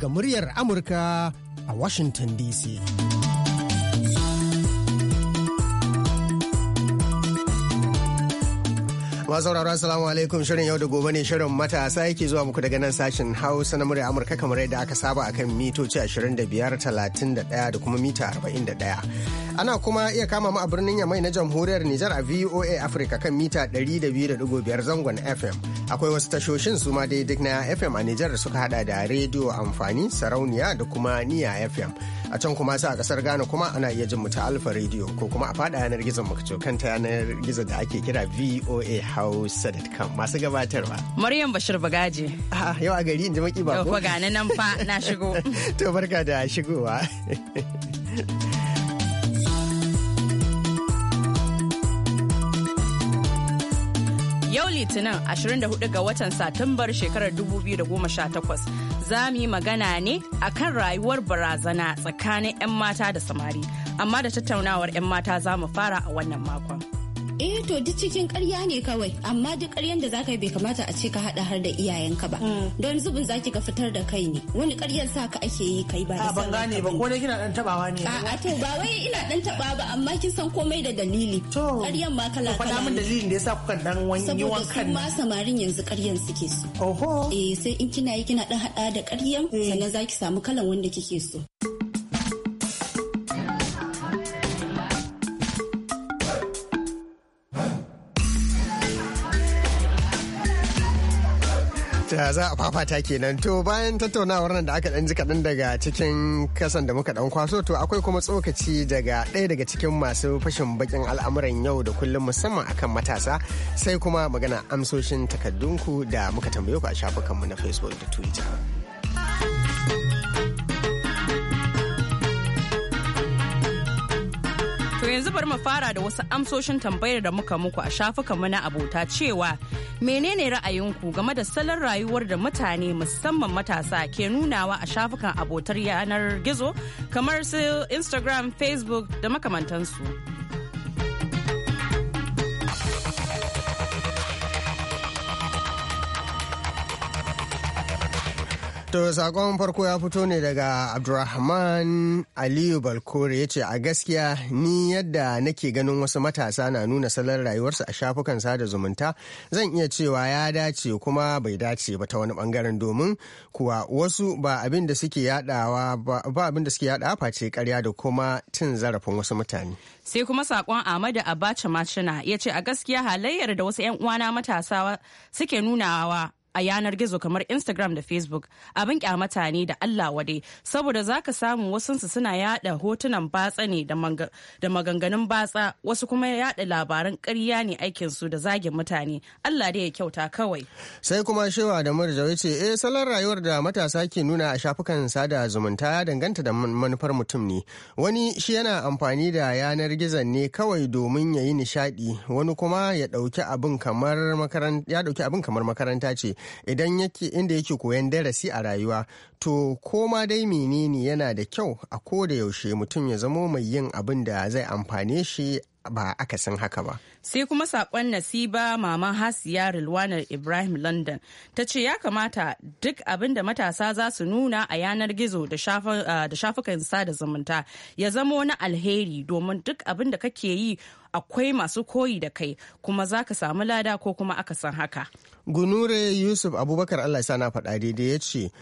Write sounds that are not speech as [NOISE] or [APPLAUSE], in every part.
daga muryar Amurka a Washington DC. sauraro asalamu alaikum shirin yau da gobe ne shirin matasa yake zuwa muku daga nan sashen hausa na murya amurka kamar yadda aka saba akan mitoci 25 31 da kuma mita 41 Ana kuma iya kama mu a birnin Yamai na jamhuriyar Nijar a VOA Africa kan mita 200.5 zangon FM. Akwai wasu tashoshin su ma dai duk na FM a Nijar suka hada da rediyo amfani, sarauniya da kuma niya FM. A can kuma sa a kasar Ghana kuma ana iya jin mu ta Alfa rediyo ko kuma a fada yanar gizon mu kan ta yanar gizo da ake kira VOA Hausa.com masu gabatarwa. Maryam Bashir Bagaji. yau a gari in ji maki ba ko? Yau fa nan fa na shigo. [LAUGHS] to barka da shigowa. [LAUGHS] Yau Litinin 24 ga watan Satumbar shekarar 2018 za mu yi magana ne a kan rayuwar barazana tsakanin 'yan mata da samari. Amma da tattaunawar 'yan mata za mu fara a wannan makon. eh to duk cikin karya ne kawai amma duk karyan da zaka yi bai kamata a ce ka hada har da iyayenka ba hmm. don zubin zaki ka fitar da kai ne wani karyar sa ka ake yi kai ba da ban gane ba ko ne kina dan tabawa ne a to ba wai ina dan taba ba amma kin san komai da dalili to karyan ma kala kala faɗa min dalilin da yasa kuka dan wani wankan saboda ma samarin yanzu karyan suke so oho eh sai in kina yi kina dan hada da karyan eh. sannan zaki samu kalan wanda kike so ta za a fafata kenan to bayan tattaunawar nan da aka ɗan ji kaɗan daga cikin kasan da muka ɗan kwaso to akwai kuma tsokaci daga ɗaya daga cikin masu fashin bakin al'amuran yau da kullum musamman akan matasa sai kuma magana amsoshin takaddunku da muka tambaye ku a shafukanmu na facebook da twitter yanzu bari mu fara da wasu amsoshin tambayar da muka muku a shafukanmu na abota cewa menene ra'ayinku game da salon rayuwar da mutane musamman matasa ke nunawa a shafukan abotar yanar gizo kamar su Instagram, Facebook da makamantansu. To sakon farko ya fito ne daga Abdulrahman Aliyu Balkore ya ce a gaskiya ni yadda nake ganin wasu matasa na nuna salon rayuwarsu a shafukan sada zumunta zan iya cewa ya dace kuma bai dace ba ta wani bangaren domin kuwa wasu ba abin da suke yadawa ba face karya da kuma cin zarafin wasu mutane. Sai kuma sakon Ahmadu Abacha Machina ya ce a gaskiya halayyar da wasu 'yan uwana matasa suke nunawa a yanar gizo kamar Instagram da Facebook abin kyamata ne da Allah wade saboda za ka samu wasunsu suna yada hotunan batsa ne da maganganun batsa wasu kuma yada labaran ƙarya ne aikinsu da zagin mutane Allah dai ya kyauta kawai. Sai kuma shewa da murjawa ce eh salon rayuwar da matasa ke nuna a shafukan sada zumunta ya danganta da manufar mutum ne wani shi yana amfani da yanar gizon ne kawai domin ya yi nishaɗi wani kuma ya ɗauki abin kamar makaranta ce idan yake inda yake koyan darasi a rayuwa to koma dai menene yana da kyau a ko da yaushe mutum ya zamo mai yin abin da zai amfane shi ba akasin haka ba. Sai kuma sakon nasiba mama hasiya Rilwanar Ibrahim London ta ce ya kamata duk abin da matasa za su nuna a yanar gizo da shafukan sada zumunta ya zamo na alheri domin duk abin da kake yi akwai masu koyi da kai kuma za ka samu lada ko kuma akasin haka. Gunure Yusuf Abubakar Allah sana faɗa daidai ya ce,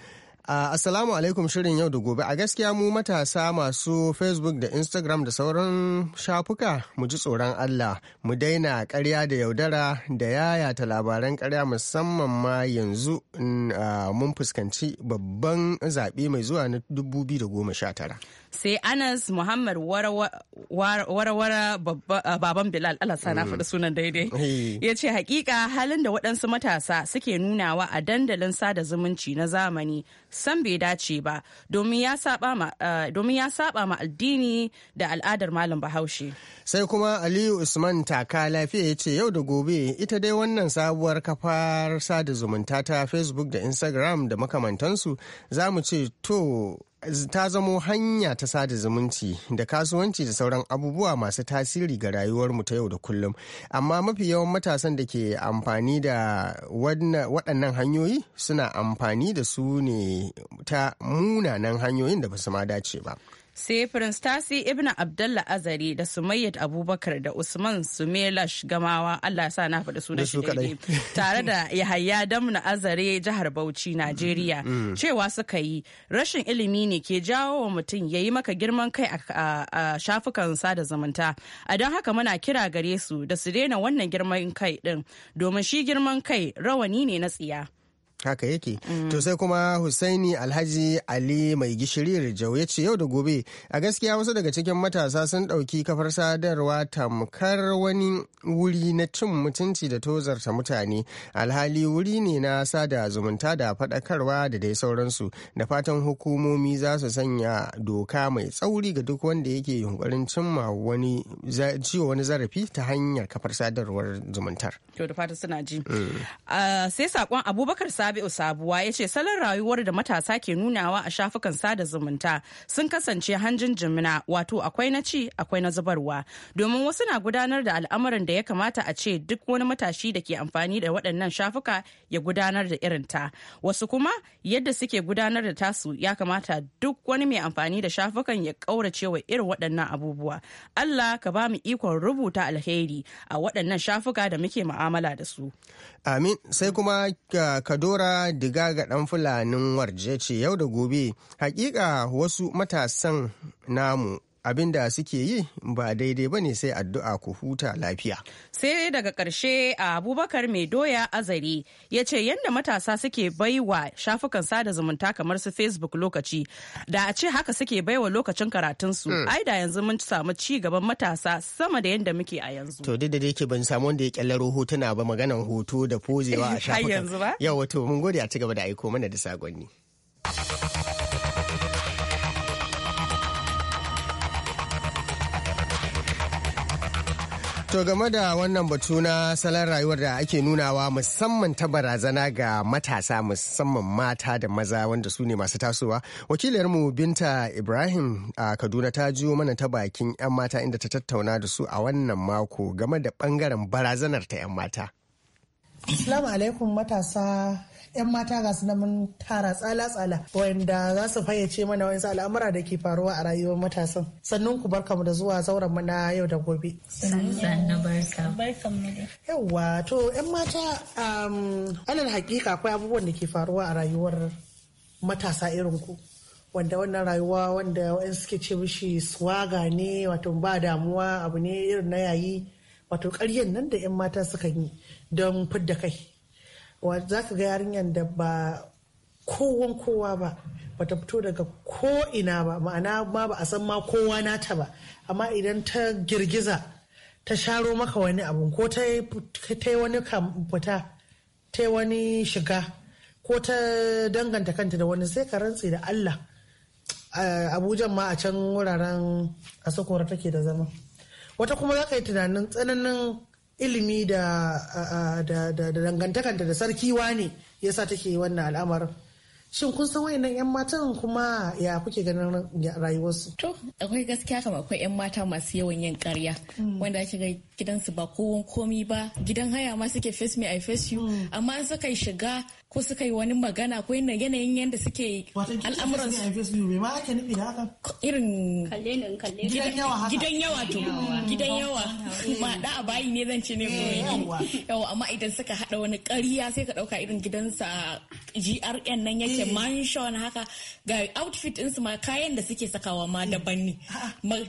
alaikum shirin yau da gobe a gaskiya mu matasa masu Facebook da Instagram da sauran shafuka mu ji tsoron Allah mu daina karya da yaudara da yayata labaran karya musamman ma yanzu mun fuskanci babban zaɓe mai zuwa na 2019. sai anas muhammad warawara uh, baban bilal allah na mm. faɗi sunan daidai ya ce hakika halin da waɗansu matasa suke nunawa a dandalin sada zumunci na zamani san bai dace ba domin ya saba uh, ma addini da al'adar malam bahaushe sai kuma aliyu usman taka lafiya ya ce yau da gobe ita dai wannan sabuwar kafar sada zumunta ta facebook da instagram da makamantansu za mu ce to ta zamo hanya ta sada zumunci da kasuwanci da sauran abubuwa masu tasiri ga rayuwarmu ta yau da kullum amma mafi yawan matasan da ke amfani da waɗannan hanyoyi suna amfani da su ne ta munanan hanyoyin da ba su ma dace ba sai prince tasi ibn abdallah azari da Sumayyad abubakar da usman sumelash gamawa allah ya sa na faɗi sunan shi daidai [LAUGHS] tare da yahaya damna azare jihar bauchi najeriya mm, mm. cewa suka yi rashin ilimi ne ke jawo wa mutum ya yi maka girman kai a shafukan sada zumunta a don haka muna kira gare su da su daina wannan girman kai din domin shi girman kai rawani ne na tsiya haka yake mm. to sai kuma husaini alhaji ali mai gishiri rijau ya ce yau da gobe a gaskiya wasu daga cikin matasa sun ɗauki kafar sadarwa tamkar wani wuri na cin mutunci da tozarta mutane alhali wuri ne na sada zumunta da faɗakarwa da dai sauransu da fatan hukumomi za su sanya doka mai tsauri ga duk wanda yake yunkurin cimma wani ciwo wani zarafi ta hanyar kafar sadarwar zumuntar. to da fatan suna ji. Mm. Ah, sai saƙon Abubakar Rabi'u Sabuwa ya ce salon rayuwar da matasa ke nunawa a shafukan sada zumunta sun kasance hanjin jimina wato akwai na ci akwai na zubarwa domin wasu na gudanar da al'amuran da ya kamata a ce duk wani matashi da ke amfani da waɗannan shafuka ya gudanar da irin ta wasu kuma yadda suke gudanar da tasu ya kamata duk wani mai amfani da shafukan ya ƙaurace wa irin waɗannan abubuwa Allah ka ba mu ikon rubuta alheri a waɗannan shafuka da muke mu'amala da su amin sai kuma uh, kadora diga Digaga ɗan Fulanin Warje ce yau da gobe hakika wasu matasan namu abin da suke yi ba daidai ba ne sai addu'a ku huta lafiya. Sai daga ƙarshe Abubakar mai doya azari ya ce yadda matasa suke baiwa shafukan sada zumunta kamar su Facebook lokaci da a ce haka suke baiwa lokacin karatunsu hmm. ai da yanzu mun samu ci gaban matasa sama da yadda muke a yanzu. To duk da yake ban samu wanda ya kyallaro hotuna ba maganan hoto da pozewa a [LAUGHS] shafukan. Yau wato mun gode a ci gaba da aiko mana da sagonni. To game da wannan batu na salon rayuwar da ake nunawa musamman ta barazana ga matasa musamman mata da maza wanda su ne masu tasowa. Wakilarmu Binta Ibrahim a Kaduna ta jiyo mana ta bakin 'yan mata inda ta tattauna da su a wannan mako game da bangaren barazanar ta 'yan mata. Assalamu alaikum matasa 'yan mata ga su na mun tara tsala-tsala wanda za su fayyace mana wani al'amura da ke faruwa a rayuwar matasan sannan ku barka mu da zuwa zauren mana yau da gobe yawwa to 'yan mata um, alal hakika akwai abubuwan da ke faruwa a rayuwar matasa irin ku wanda wannan rayuwa wanda wa'in suke ce mishi swaga ne wato ba damuwa abu ne irin na yayi wato karyan nan da 'yan mata suka yi don fidda kai za ka ga yarinyar da ba kowan kowa ba ta fito daga ko ina ba ma'ana ma ba a san ma kowa nata ba amma idan ta girgiza ta sharo maka wani abu ko ta yi wani fita ta yi wani shiga ko ta danganta kanta da wani sai ka rantse da Allah abujan ma a can wuraren asakora take da zama wata kuma za ka yi tunanin tsananin ilimi da dangantakanta da sarki wane ya sa take wannan al'amar shin kun san wayannan yan matan kuma ya kuke ganin rayuwarsu to akwai gaskiya kamar akwai yan mata masu yawan yin karya hmm. wanda ake ga gidansu ba kowon komi ba gidan haya ma suke face me i face you hmm. amma an suka shiga ko suka yi wani magana ko yanayin yadda suke al'amuran su nufi da haka irin gidan yawa gidan yawa to gidan yawa eh. ma da a bayi ne zan ce ne eh, yawa amma idan suka hada wani ƙarya sai ka dauka irin gidansa GRN nan yake eh. mansion haka ga outfit insu ma kayan da suke sakawa ma daban ne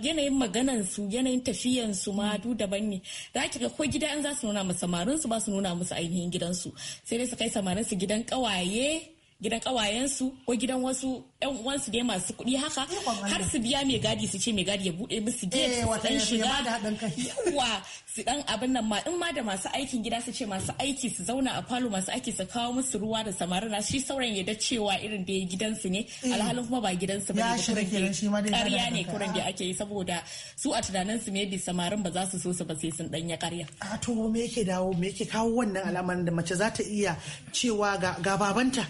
yanayin maganan su yanayin tafiyan su ma du daban ne za ki ga ko gida an za su nuna musu samarin su ba su nuna musu ainihin gidansu sai dai su kai samarin su idan ƙawaye gidan kawayensu ko gidan wasu yan uwansu dai masu kuɗi haka har su biya mai gadi su ce mai gadi ya buɗe musu eh, gate su dan shiga su dan abin nan ma in ma da masu aikin gida su ce masu aiki su zauna a falo masu aiki su kawo musu ruwa da samarin shi sauran ya da cewa irin da gidansu ne eh. alhalin kuma ba gidansu ba ne ne kuran da ake yi saboda su a tunanin su maybe samarin ba za su so su ba sai sun danya karya. a to me yake dawo me yake kawo wannan alamar da mace za ta iya cewa ga babanta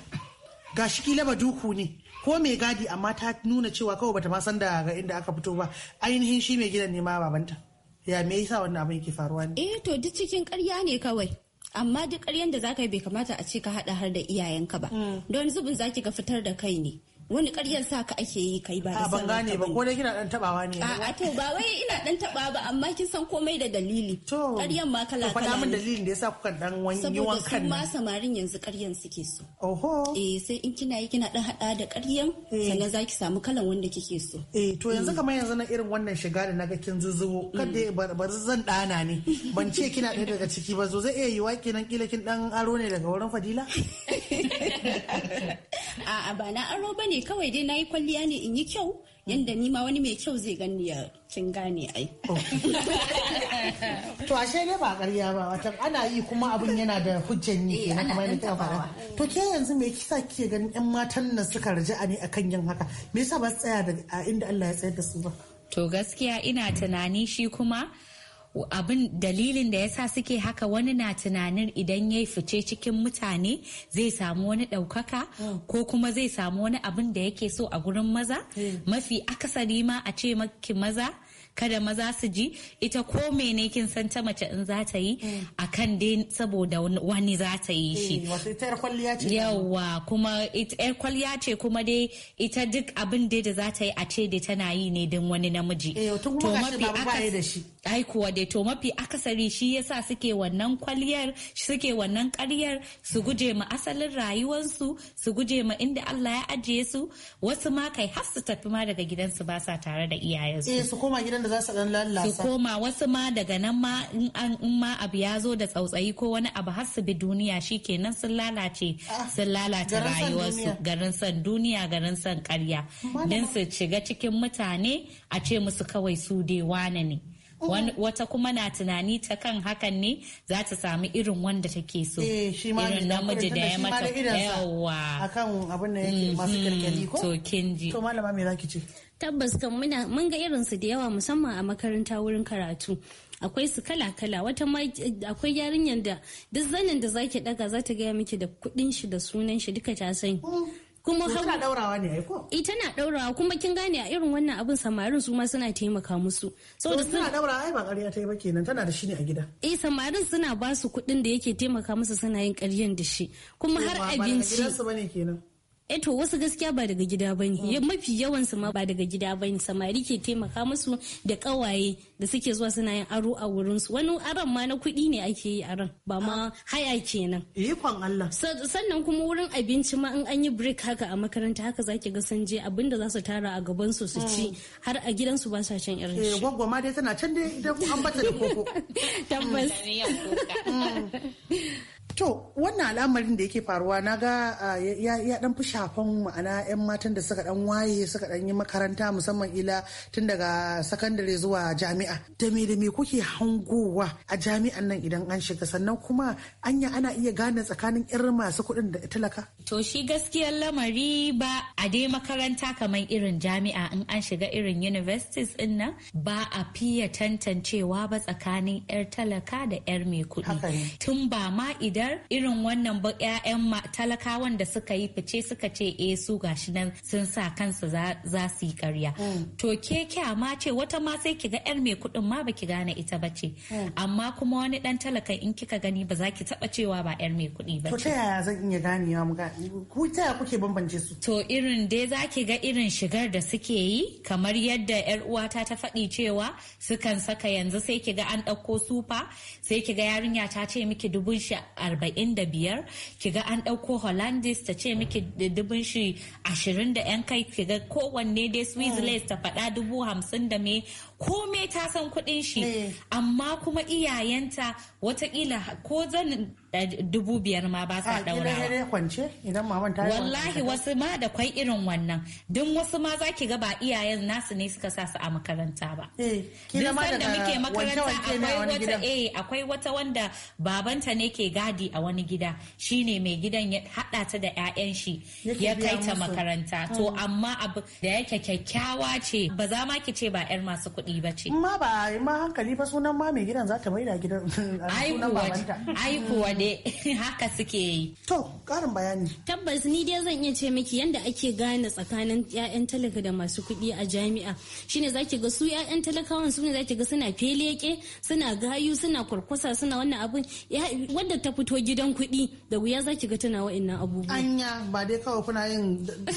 ga shi kila ba duku ne ko mai gadi amma ta nuna cewa kawai bata ma san da inda aka fito ba ainihin shi mai gidan ne ma babanta ya me yasa wannan abin yake faruwa ne eh to duk cikin ƙarya ne kawai amma duk ƙaryan da zaka yi bai kamata a ce ka hada har da iyayenka ba hmm. don zubin zaki ka fitar da kai ne wani ƙaryar sa ka ake yi kai ba da ban gane ba ko dai kina dan tabawa ne a to ba wai ina dan taba ba amma kin san komai da dalili to ƙaryar ma kala kala faɗa min dalilin da yasa kuka dan wani wankan saboda ma samarin yanzu ƙaryar suke so oho eh sai in kina yi kina dan hada da ƙaryar eh. sannan zaki samu kalan wanda kike so eh to yanzu eh. kamar yanzu na irin wannan shiga da naga kin zuzuwo kada mm. bar zan dana ne ban ce kina ɗaya daga ciki ba zo zai iya yiwa kenan kila kin dan aro ne daga wurin fadila [LAUGHS] a'a ba na aro bane kawai dai nayi kwalliya ne in yi kyau yanda ni ma wani mai kyau zai gani ya kin gane ai. [LAUGHS] To ashe ne ba ƙarya ba wata ana yi kuma abin yana da hujjan ne eh, kenan kamar yadda ta To ke yanzu me kisa kike ganin yan matan nan suka raja'a ne akan yin haka? Me yasa ba su tsaya da inda Allah ya tsayar da su ba? To gaskiya ina tunani shi kuma abin dalilin da yasa suke haka wani na tunanin idan ya fice cikin mutane zai samu wani ɗaukaka ko kuma zai samu wani abin da yake so a gurin maza hmm. mafi akasari ma a ce maki maza kada maza su ji ita ko mene kin san ta mace in za ta yi mm. a kan dai saboda wani za ta yi shi eh, yawa kuma yar kwalliya ce kuma dai ita duk abin dai da za ta yi a ce dai tana yi ne don wani namiji eh, to mafi ai kuwa dai to mafi akasari shi yasa suke wannan kwalliyar suke wannan karyar su guje ma asalin rayuwarsu su guje ma inda Allah ya ajiye su wasu ma kai har su tafi ma daga gidansu ba sa tare da iyayensu eh, mutanen da za su dan lallasa su koma wasu ma daga nan ma in an in ma abu ya zo da tsautsayi ko wani abu har su bi duniya shikenan sun lalace ah, sun lalata rayuwarsu garin san duniya garin san karya din su shiga cikin mutane a ce musu kawai su dai wane ne mm-hmm. wata kuma na tunani ta kan hakan ne za ta sami irin wanda take so eh, irin namiji da ya mata yawa akan abin da yake masu mm-hmm. kirkiri ko to kinji to malama me zaki ce tabbas kan muna mun ga irin su da yawa musamman a makaranta wurin karatu akwai su kala kala wata ma akwai yarinyar da duk zanin da zaki daga za ta gaya miki da kudin shi da sunan shi duka ta sani kuma tana daurawa ne ko eh tana daurawa kuma kin gane a irin wannan abin samarin su ma suna taimaka musu saboda suna daurawa ai ba ƙarya ta yi ba kenan tana da shi ne a gida eh samarin suna ba su kuɗin da yake taimaka musu suna yin ƙaryan da shi kuma har abinci ba kenan Eto eh wasu gaskiya ba daga gida ne mm. mafi yawan ma ba daga gida ne samari ke taimaka musu da kawaye da suke zuwa suna yin aro a wurin wani aron ma na kuɗi ne ake yi aron ba ma ah. haya kenan ikon Allah sannan kuma wurin abinci ma in an yi break haka a makaranta haka zaki ga sanje je abinda za su tara a gaban su su ci mm. har a gidan su ba sa can irin eh, shi eh gwaggwa ma dai tana can dai idan an bata da koko [LAUGHS] tabbas wannan al'amarin da yake faruwa na ga ah, ya dan fi shafan ma'ana 'yan matan da suka dan waye suka dan yi makaranta musamman ila tun daga sakandare zuwa jami'a da me da me kuke hangowa a jami'an nan idan an shiga sannan kuma anya ana iya gane tsakanin irin masu kuɗin da talaka to shi gaskiyar lamari ba a dai makaranta kamar irin jami'a in an shiga irin universities din nan ba a fiye tantancewa ba tsakanin 'yar talaka da 'yar mai kuɗi tun ba ma idan irin wannan ba 'ya'yan talakawan da suka yi fice suka ce e su gashi nan sun sa kansu za su yi karya hmm. to ke kya ma ce wata ma sai ki ga 'yar mai kuɗin ma baki gane ita ba ce hmm. amma kuma wani dan talakan in kika gani ba za ki taba cewa ba 'yar mai kuɗi ba ce to ta yaya zan iya ganewa mu ku ta yaya kuke bambance su to irin dai za ki ga irin shigar da suke yi kamar yadda 'yar uwata ta faɗi cewa sukan saka yanzu sai ki ga an ɗauko sufa sai ki ga yarinya ta ce miki dubun shi arba'in da kiga an ɗauko hollandis ta ce miki dubin shi ashirin da yan kai kiga kowanne dai swiss hmm. ta faɗa dubu hamsin da me komai ta san kuɗin shi eh. amma kuma iyayenta watakila ko zan eh, dubu biyar ma ba sa daurawa. kwance Wallahi wasu ma da kwai irin wannan. duk wasu ma za ki ga iyayen nasu ne suka sa su a makaranta ba. Eh, duk sanda muke makaranta akwai wata eh akwai wata wanda babanta ne ke gadi a wani gida shine mai gidan ya hada ta da 'ya'yan shi ya kai ta makaranta. To hmm. amma abu da yake kyakkyawa ce ba za ma ki ce ba 'yar masu kuɗi kuɗi ba ce. Ma ba ma hankali ba sunan ma mai gidan za ta maida gidan [LAUGHS] sunan babanta. Ai kuwa ne [LAUGHS] haka suke yi. To ƙarin bayani. Tabbas ni dai zan iya ce miki yanda ake gane tsakanin 'ya'yan talaka da masu kuɗi a jami'a shine zaki ga su 'ya'yan talakawan su ne zaki ga suna feleke suna gayu suna kurkusa suna wannan abun wanda ta fito gidan kuɗi da wuya zaki ga tana wa'annan abubuwa. Anya ba dai kawai kuna yin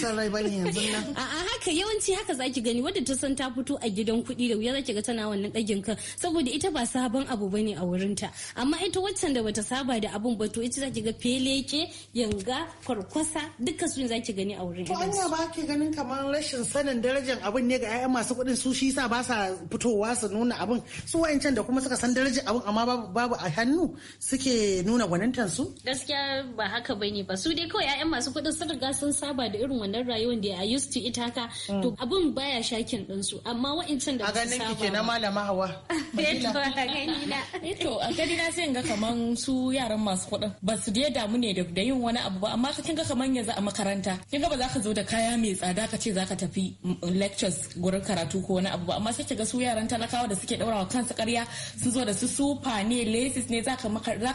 sarrai bane yanzu nan. [LAUGHS] A'a haka yawanci haka zaki gani wadda ta san ta fito a gidan kuɗi da wuya zaki ga tana wannan dagin kan saboda ita ba sabon abu bane a wurinta amma ita waccan da bata saba da abun ba to ita zaki ga feleke yanga kwarkwasa duka su zaki gani a wurin. To anya ba ki ganin kamar rashin sanin darajar abun ne ga 'ya'yan masu kuɗin su shi sa ba sa fitowa su nuna abun su wayancan da kuma suka san darajar abun amma babu a hannu suke nuna gwanintan su. Gaskiya ba haka bane ba su dai kawai 'ya'yan masu kuɗin sun riga sun saba da irin wannan rayuwar da a used to ita ka to mm. abun baya shakin ɗinsu amma wayancan da ganin ki kenan malama hawa [LAUGHS] eh to a gani na sai ga kaman su yaran masu kuɗin ba su da damu ne da yin wani abu ba amma ka kin kaman yanzu a makaranta kin ga ba za ka zo da kaya mai tsada ka ce za ka tafi mm, mm, lectures gurin karatu ko wani abu ba amma sai ga su yaran talakawa da suke daurawa kansu karya sun zo da su sufa ne laces ne za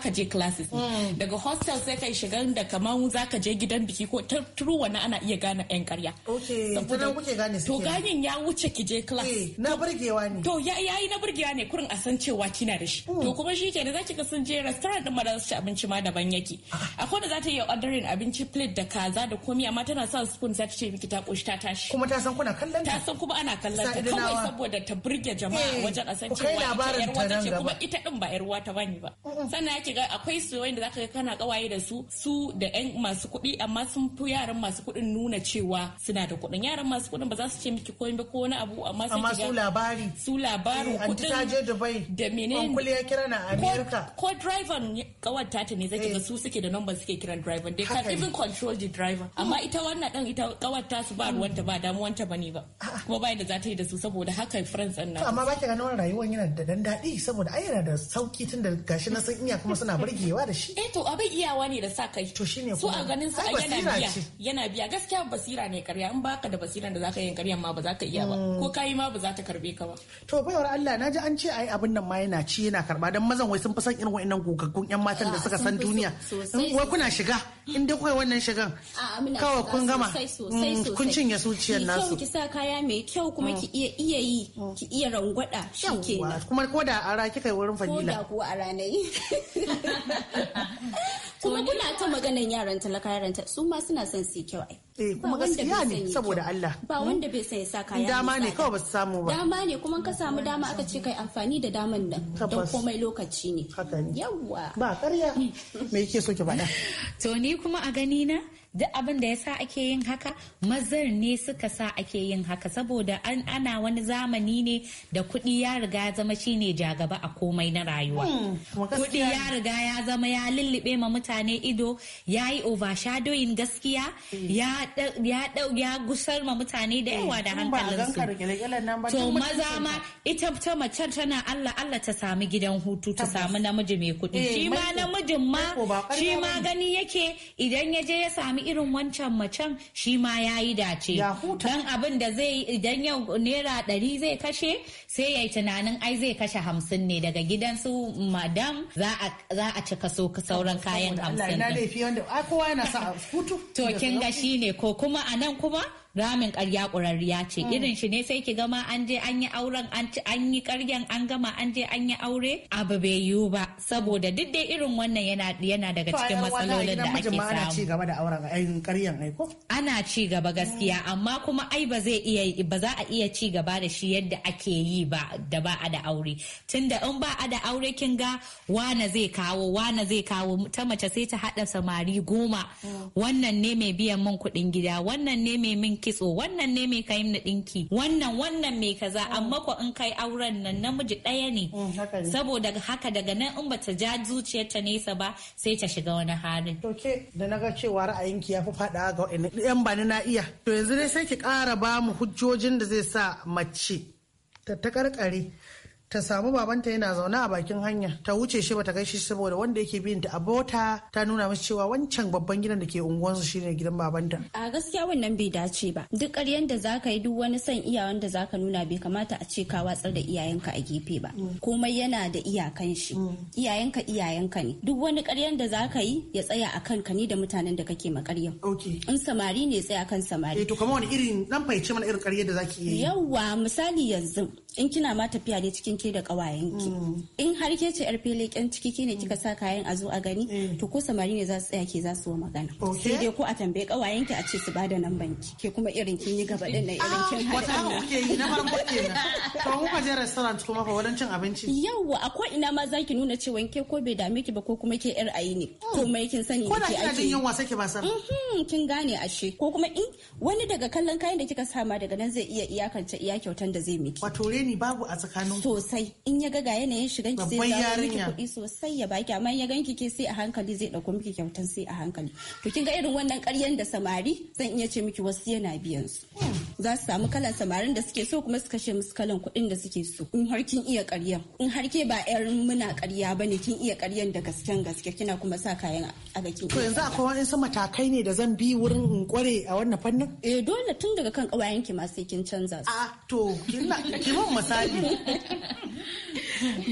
ka je classes mm. daga hostel sai kai shigan da kaman za ka je gidan biki ko turu wani ana iya gane yan karya. Okay, kuke gane su. To ganin ya wuce ki je class. Eh, na burge burgewa ne to ya yi na burgewa ne kurin a san cewa kina da shi hmm. to kuma shi ke da zaki ka sun je restaurant din ma da su ci abinci ma daban yake ah. akwai da za ta iya ordering abinci plate da kaza da komi amma tana sa spoon za ta ce miki ta koshi ta tashi kuma ta san kuna kallon ta san kuma ana kallon ta kawai saboda ta burge jama'a eh, wajen a san cewa ita yar wata ce kuma ita din ba yarwa ta bani ba sannan yake ga akwai su wanda zaka ga kana kawaye da su su da yan masu kuɗi amma sun fi yaran masu kuɗin nuna cewa suna da kuɗin yaran masu kuɗin ba za su ce miki komai ba ko wani abu amma sai ki ga labari su labarin kudin eh, ta je dubai da menene kwankuli ya kira na america ko driver kawar tata ne zaki ga eh. su suke da number suke kiran driver they can even control the driver oh. amma ita wannan dan ita kawar ta su ba ruwanta ba damuwanta bane ba ah, ah. kuma bayan da za ta yi da su saboda haka friends din nan amma ba ki ganin wannan rayuwar yana da dan dadi saboda ai yana da sauki tun da gashi na san iya kuma suna burgewa da shi eh to abin iyawa ne da sa kai to shine su a ganin sa yana biya yana biya gaskiya basira ne karya in baka da basiran da zaka yi karyan ma ba za ka iya ba mm. ko kai ma ba za ta karbe ka ba to Allah na ji an ce ayi abin nan ma yana ci yana karba dan mazan wai sun fi san irin wa'annan gogaggun yan matan da suka san duniya wai kuna shiga in dai kai wannan shigan kawai kun gama mm, kun cinye zuciyar nasu ki sa kaya mai kyau kuma ki iya iya yi mm. ki iya rangwada shikenan kuma ko da ara kika yi wurin fadila ko da kuwa ara [LAUGHS] kuma kuna ta maganan yaran talaka yaran ta su ma suna son su kyau ai eh kuma gaskiya ne saboda Allah ba hmm? wanda bai san ya sa kaya dama ne kawai ba su samu ba dama ne kuma ka samu dama aka ce kai amfani da daman nan don komai lokaci ne haka ne yawa ba ƙarya [LAUGHS] me yake so ki faɗa to ni kuma a gani na duk abin da ya sa ake yin haka mazar ne suka sa ake yin haka saboda an ana wani zamani ne da kuɗi ya riga ya zama shine jagaba a komai na rayuwa hmm, kuɗi ya riga ya zama ya lullube ma mutane ido ya yi overshadowing gaskiya hmm. ya gusar ma mutane da yawa da hmm, hankalinsu to maza ma ita ta macen tana Allah Allah ta sami gidan hutu ta sami namiji mai kuɗi eh, shi ma namijin ma shi ma gani yake idan ya je ya sami irin wancan macen shi ma ya yi dace don abin da zai idan yau naira ɗari zai kashe sai ya yi tunanin ai zai kashe hamsin ne daga gidan su madam za a ci kaso sauran kayan hamsin. To kin ga shi ne ko kuma a nan kuma ramin karya kurariya ce mm. irin shi ne sai ki gama an je an yi auren an yi karyan an gama an je an yi aure abu bai yiwu ba saboda duk dai irin wannan yana yana daga cikin matsalolin da ake samu ana ci gaba da auren ayin karyan ai ko ana ci gaba gaskiya mm. amma kuma ai ba zai iya ba za a iya ci gaba da shi yadda ake yi ba da ba a da aure tunda in ba a da aure kin ga wana zai kawo wana zai kawo ta mace sai ta hada samari goma mm. wannan ne mai biyan min kuɗin gida wannan ne mai min kitso wannan ne mai kayan na dinki wannan wannan mai kaza mm. amma ko in kai auren nan namiji ɗaya mm, ne saboda haka daga nan in bata ja zuciyarta nesa ba sai ta shiga wani halin to ke da naga cewa ra'ayinki ya fi faɗa ga wa'annan yan bani na iya to yanzu dai sai ki ƙara ba mu hujjojin da zai sa mace ta karkare ta samu babanta yana zaune a bakin hanya ta wuce shi ba bata gaishe saboda wanda yake bin ta a ta nuna masa cewa wancan babban gidan da ke unguwarsu shine gidan babanta a gaskiya wannan bai dace ba duk ƙaryan da zaka yi duk wani san iya da zaka nuna bai kamata a ce ka watsar da iyayenka a gefe ba mm. komai yana da iyakan shi mm. iyayenka iyayenka ne duk wani ƙaryan da zaka yi ya tsaya a kanka ni da mutanen da kake ma ƙaryan in samari ne tsaya kan samari eh, to kamar wani irin dan faice mana irin ƙaryar da zaki yi Yawa, misali yanzu in kina ma tafiya ne cikin ke da kawayenki mm. in har ke ce yar fili kyan ciki ke ne kika mm. sa kayan a zo a gani mm. to ko samari ne za su tsaya ke za su wa magana sai dai ko a tambaye kawayenki a ce su bada nan banki ke kuma irin kin yi gaba din na irin kin ah, hada wata kuke yi na farko kenan to ka je restaurant kuma fa wadan cin abinci yawa akwai ina ma zaki nuna cewa ke ko bai dame ki ba ko kuma ke yar ayi ne komai oh. kin sani ke ake ko da jin yunwa sake ba sani mm-hmm, kin gane ashe ko kuma in wani daga kallon kayan da kika sama daga nan zai iya iyakance iya kyautan da zai miki wato reni babu a tsakanin sosai in ya ga ga yanayin shigan ki zai ya miki kuɗi sosai ya baki amma ya ganki ke sai a hankali zai dauko miki kyautan sai a hankali to kin ga irin wannan ƙaryan da samari zan iya ce miki wasu yana biyan su za su samu kalan samarin da suke so kuma su kashe musu kalan kuɗin da suke so in har kin iya ƙaryan in har ke ba yar muna ƙarya ne kin iya ƙaryan da gasken gaske kina kuma sa kayan a gakin to yanzu akwai wani matakai ne da zan bi wurin in kware a wannan fannin eh dole tun daga kan ƙawayen ki ma sai kin canza su a to kin na ma mun misali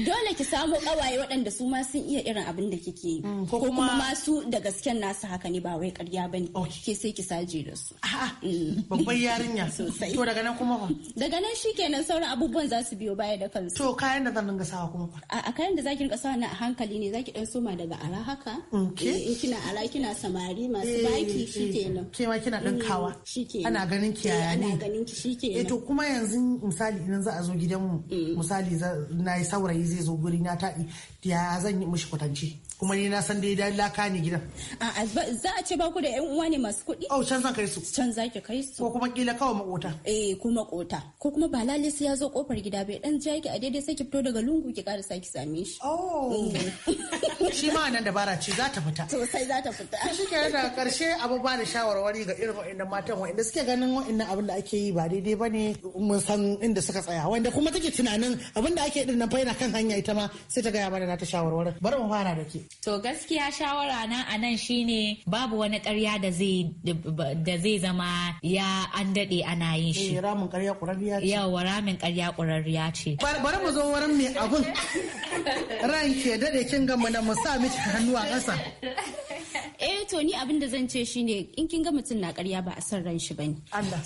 dole ki samu kawaye waɗanda su ma sun iya irin abin da kike yi mm, ko kuma masu da gasken nasu haka ne ba wai ƙarya bane ke sai ki saje da su mm. babban yarinya sosai to daga nan kuma ba daga nan shi kenan sauran abubuwan za su biyo baya da kansu to kayan da zan dinga sawa kuma ba a kayan da za ki dinga sawa na hankali ne za ki ɗan soma daga ara haka eh, in kina ara kina samari masu eh, baki shi eh, kenan. ke ma kina ɗan mm, Shi shikenan ana ganin ki yaya ne ana ganin ki shikenan eh to kuma yanzu misali idan za a zo mu eh. misali na saurayi zai zo guri na taɗi ya zan yi mishi kwatance. kuma ni na san dai laka ne gidan. A'a za a ce ba ku da yan uwa ne masu kuɗi? Oh can zan kai su. Can za ki kai su. Ko kuma kila kawai makota. Eh ko makota. Ko kuma ba lalle sai ya zo kofar gida bai dan ja ki a daidai sai ki fito daga lungu ki ƙara saki same shi. Oh. Eh. Shi ma nan dabara ce za ta fita. Sosai za ta fita. Shi ke da karshe abu ba da shawarwari ga irin waɗannan matan Waɗanda suke ganin waɗannan abin da ake yi ba daidai ba ne mun san inda suka tsaya wanda kuma take tunanin abin da ake din nan fa yana kan hanya ita ma sai ta gaya mana na ta shawarwari. Bari mu fara da ke. To gaskiya shawara na a nan shine babu wani karya da zai zama ya an daɗe ana yin shi. Eh, ramin karya ƙurarriya ce. Yawa ramin karya ƙurarriya ce. Bari mu zo wurin mai abun. Ran ke daɗe kin gama na mu sa miki hannu a ƙasa. eh to ni abin da zan ce shine in kin ga mutum na karya ba a san ran shi bane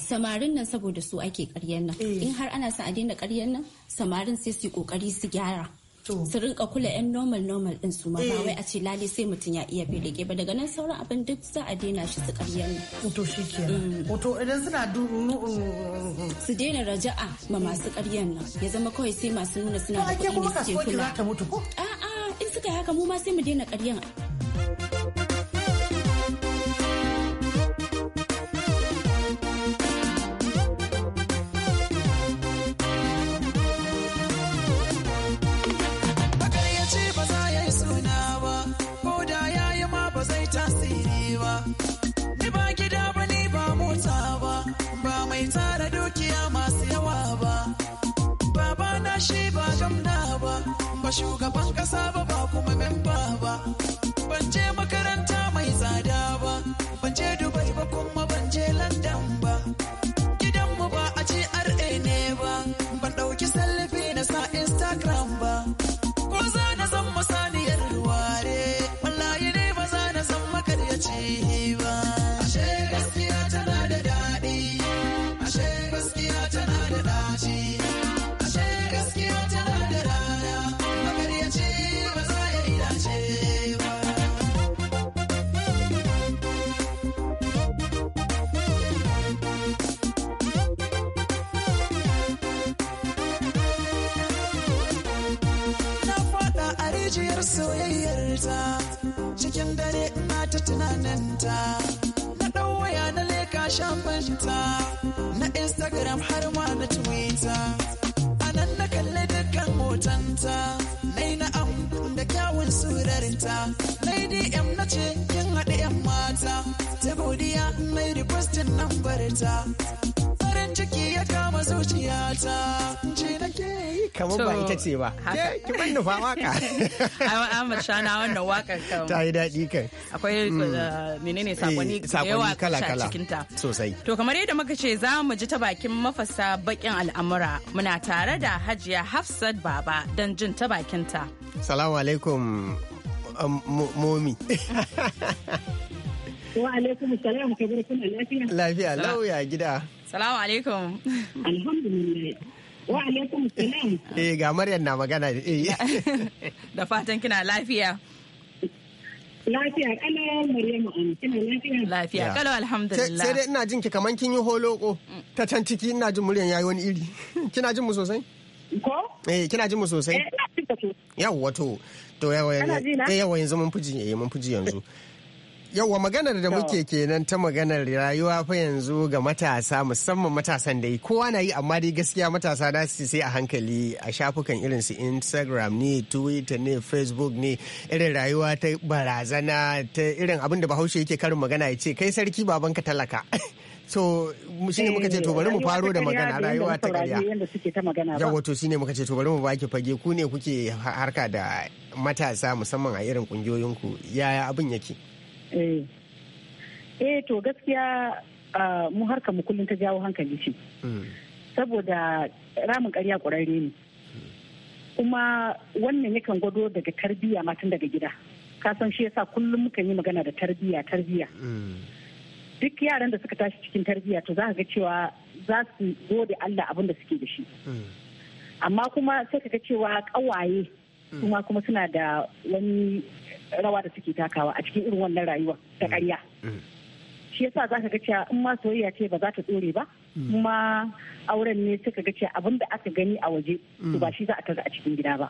samarin nan saboda su ake karyan nan eh. in har ana son a daina karyan nan samarin sai su yi kokari su gyara su rinka kula yan normal normal din su ma ba eh. wai a ce lali sai mutum ya iya bege ba daga nan sauran abin duk za a daina shi su karyar to shi kenan mm. to idan suna mm, mm, su daina raja'a ma masu karyar nan ya zama kawai sai masu nuna suna da kuɗi ne suke kula a'a in suka yi haka mu ma sai mu daina karyar zama shugaban kasa ba ba kuma memba ba ban je makaranta mai tsada ba ban je surarinta lady m na ce kin haɗe yan mata ta godiya mai nan lambarinta farin ciki ya kama zuciyata ce nake yi kamar ba ita ce ba ki ban nufa waka [LAUGHS] Ahmad Shana wannan waka kan ta yi daɗi kai akwai hmm. uh, menene sakonni eh, yawa kala kala cikinta sosai to kamar yadda muka ce za mu ji ta bakin mafasa bakin al'amura muna tare da Hajiya Hafsat Baba don jin ta bakin ta. Salamu alaikum um, momi [LAUGHS] Wa alaikum salam kabar kuna lafiya? Lafiya lauya gida. Salamu alaikum. Alhamdulillah. Wa alaikum salam. Eh ga Maryam na magana eh. [LAUGHS] Da fatan kina lafiya. Lafiya kalau Maryamu um, kina lafiya. Lafiya kalau alhamdulillah. Sai dai ina jin ki kaman kin yi holoko mm. ta can ciki ina jin muryan yayi wani iri. [LAUGHS] Kina jin mu sosai? Ko? Eh kina jin mu sosai? Eh ina jin ka Yawwa to. To eh, yanzu mun fuji eh mun fuji yanzu. [LAUGHS] yauwa maganar da muke kenan ta maganar rayuwa fa yanzu ga matasa musamman matasan da kowa na yi amma dai gaskiya matasa na su sai a hankali a shafukan irin su instagram ne twitter ne facebook ne irin rayuwa ta barazana ta irin abin da bahaushe yake karin magana ya ce kai sarki baban ka talaka [LAUGHS] so shi ne muka ce to bari mu eh, faro da magana rayuwa ta karya yauwa to shi muka ce to bari mu baki fage ku ne kuke harka da matasa musamman a irin kungiyoyinku yaya abin yake Eh. eh to gaskiya mu harka mu kullum ta jawo hankali ce hmm. saboda ramin karya ƙwararre ne kuma wannan yakan gwado daga tarbiyya matan daga gida kasan shi yasa kullum mukan yi magana da tarbiyya tarbiyya hmm. duk yaran da suka tashi cikin tarbiyya to za ga cewa za su gode Allah abin da suke da shi hmm. amma kuma sai ka ga cewa ƙawaye Mm. kuma kuma suna da wani rawa da suke takawa a cikin irin wannan rayuwa ta mm. ƙarya mm. shi yasa za ka ga cewa in ma soyayya ce ba za ta dore ba kuma auren ne suka ga cewa abin da aka gani a waje ba shi za a taga a cikin gida ba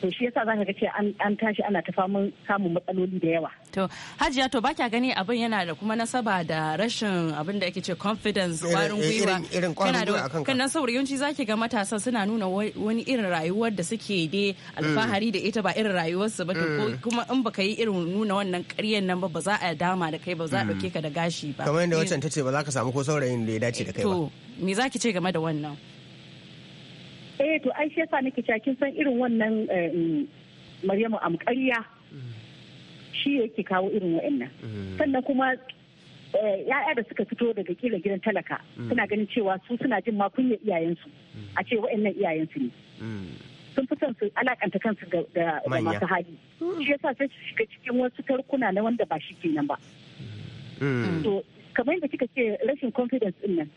to shi yasa zaka ga ce an tashi ana ta famun samun matsaloli da yawa to hajiya to baki gani abin yana da kuma nasaba da rashin abin da ake ce confidence kwarin eh, eh, gwiwa irin kwarin gwiwa kan nan saboda yawanci zaki ga matasan suna nuna wani irin rayuwar da suke da alfahari da ita ba irin rayuwar su ba to mm. kuma in baka yi irin nuna wannan ƙaryen nan ba ba za a dama da kai ba za a dauke mm. ka da gashi ba kamar yadda eh. ta ce ba za ka samu ko saurayin da ya dace da kai ba to me zaki ce game da wannan eh to ai shi yasa nake kin san irin wannan eh, mm, maryamu amkarya shi yake kawo irin wa'annan mm. sannan kuma eh, ya'ya da suka fito daga kila gidan talaka mm. suna ganin cewa su suna jin ma kunya iyayensu a ce wa'annan iyayensu ne sun fi son su alakanta kansu da masu hali shi yasa sai su shiga cikin wasu tarkuna na wanda ba shi kenan ba to kamar yadda kika ce rashin confidence din nan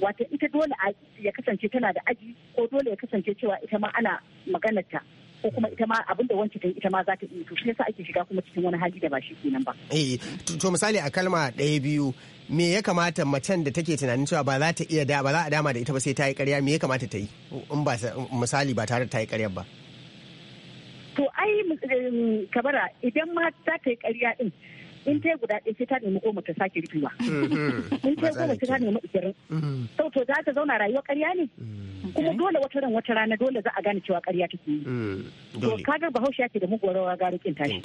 wata ita dole ya kasance tana da aji ko dole ya kasance cewa ita ma ana ta ko kuma ita ma abin da wance ita ma za ta yi to shi yasa ake shiga kuma cikin wani hali da ba shi kenan ba eh to misali a kalma ɗaya biyu me ya kamata macen da take tunanin cewa ba za ta iya da ba za a dama da ita ba sai ta yi ƙarya me ya kamata ta yi in ba misali ba tare ta yi ƙaryar ba to ai eh, kabara idan ma za ta yi ƙarya din in ta guda ɗaya sai ta nemi goma ta sake rufewa mhm. in ta goma sai ta nemi ishirin mhm. sau to za ta zauna rayuwar karya ne mhm. kuma dole wata ran wata rana dole za a gane cewa ƙarya take yi to kagar bahaushe ce da muguwar rawa ga rukin tashi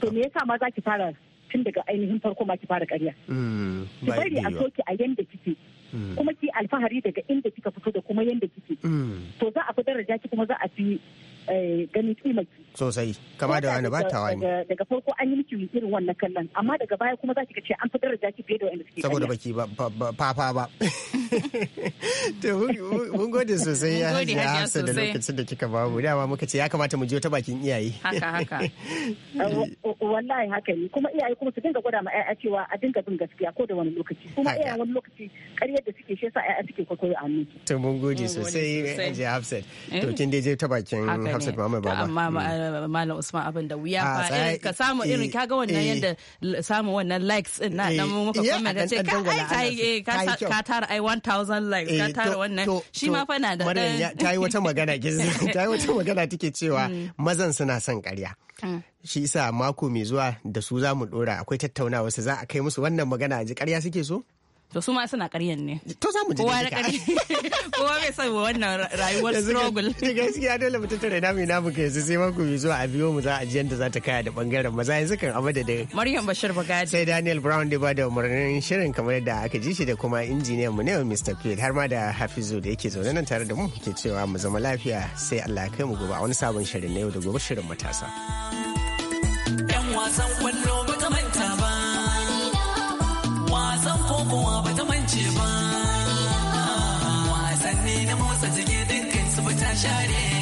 to me yasa ma za ki fara tun daga ainihin farko ma ki fara karya? ki bari a soki a yanda kike kuma ki alfahari daga inda kika fito da kuma yanda kike to za a fi daraja ki kuma za a fi Eh, ganin kimarki sosai kama da wani ba ta wani daga farko an yi miki irin wannan kallon amma daga baya kuma za ki ga ce an fi daraja ki fiye da wanda suke saboda baki ba fa ba [LAUGHS] to mun gode sosai ya hasa da lokacin da kika ba mu dama muka ce ya kamata mu je ta bakin iyaye haka haka [LAUGHS] eh, wallahi haka ne kuma iyaye kuma su dinga gwada ma ƴaƴa cewa a dinga bin gaskiya ko da wani lokaci kuma iyaye wani lokaci ƙaryar da suke shi yasa ƴaƴa suke kwaikwayo a miki to mun gode sosai Hajji Hafsat eh? to kin dai je ta bakin Hafsat Muhammad Baba. Amma mm. eh, Malam Usman abin da wuya ah, fa irin ka samu eh, irin kaga wannan eh. yadda samu wannan likes din na dan muka comment ce ka ai ka tara ai 1000 likes ka tara wannan shi ma fa na da dan ta yi wata magana [LAUGHS] kin ta yi wata magana take cewa mm. mazan suna son ƙarya. Mm. Shi isa mako mai zuwa da su za mu dora akwai tattaunawa su za a kai musu wannan magana a ji ƙarya suke so? to su ma suna karyan ne to za mu kowa [LAUGHS] kowa bai san wannan rayuwar struggle [LAUGHS] gaskiya dole mutum tare da mai namu kai yanzu sai mako mai zuwa a biyo mu za a ji da za ta kaya da bangaren maza yanzu kan abada da Maryam Bashir Bagaji sai Daniel Brown da ba da umarnin shirin kamar da aka ji shi da kuma injiniyan mu ne Mr. Phil har ma da Hafizu da yake zaune nan tare da mu ke cewa mu zama lafiya sai Allah ya kai mu gobe a wani sabon shirin na yau da gobe shirin matasa yan wasan kwallo wasan kokowa ba ta mance ba wasanni na motsa jiki dinkin su fita share